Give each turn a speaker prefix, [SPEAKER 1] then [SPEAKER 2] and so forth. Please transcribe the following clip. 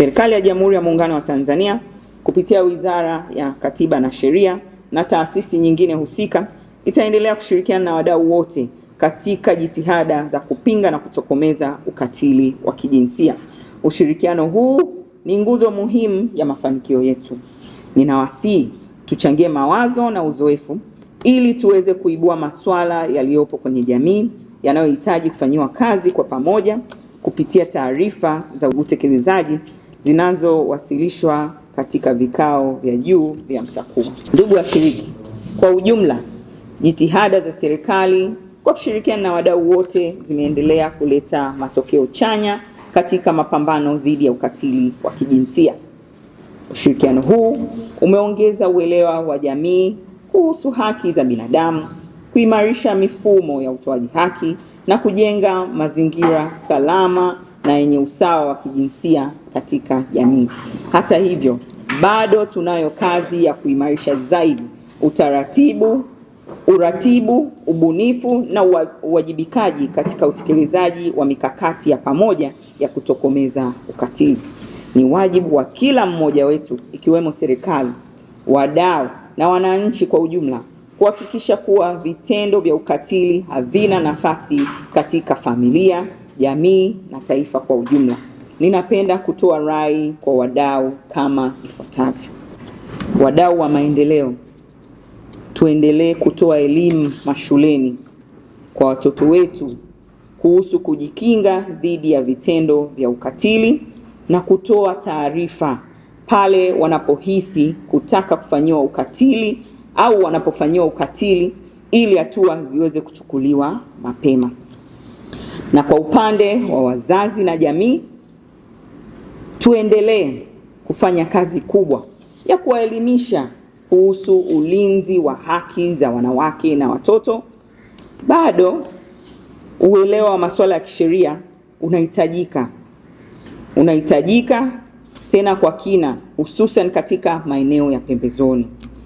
[SPEAKER 1] Serikali ya Jamhuri ya Muungano wa Tanzania kupitia Wizara ya Katiba na Sheria na taasisi nyingine husika itaendelea kushirikiana na wadau wote katika jitihada za kupinga na kutokomeza ukatili wa kijinsia. Ushirikiano huu ni nguzo muhimu ya mafanikio yetu. Ninawasihi tuchangie mawazo na uzoefu ili tuweze kuibua masuala yaliyopo kwenye jamii yanayohitaji kufanyiwa kazi kwa pamoja kupitia taarifa za utekelezaji zinazowasilishwa katika vikao vya juu vya MTAKUWA. Ndugu washiriki, kwa ujumla jitihada za serikali kwa kushirikiana na wadau wote zimeendelea kuleta matokeo chanya katika mapambano dhidi ya ukatili wa kijinsia. Ushirikiano huu umeongeza uelewa wa jamii kuhusu haki za binadamu, kuimarisha mifumo ya utoaji haki na kujenga mazingira salama na yenye usawa wa kijinsia katika jamii. Hata hivyo, bado tunayo kazi ya kuimarisha zaidi utaratibu, uratibu, ubunifu na uwajibikaji katika utekelezaji wa mikakati ya pamoja ya kutokomeza ukatili. Ni wajibu wa kila mmoja wetu ikiwemo serikali, wadau na wananchi kwa ujumla kuhakikisha kuwa vitendo vya ukatili havina nafasi katika familia, jamii na taifa kwa ujumla. Ninapenda kutoa rai kwa wadau kama ifuatavyo. Wadau wa maendeleo, tuendelee kutoa elimu mashuleni kwa watoto wetu kuhusu kujikinga dhidi ya vitendo vya ukatili na kutoa taarifa pale wanapohisi kutaka kufanyiwa ukatili au wanapofanyiwa ukatili ili hatua ziweze kuchukuliwa mapema. Na kwa upande wa wazazi na jamii, tuendelee kufanya kazi kubwa ya kuwaelimisha kuhusu ulinzi wa haki za wanawake na watoto. Bado uelewa wa masuala ya kisheria unahitajika, unahitajika tena kwa kina, hususan katika maeneo ya pembezoni.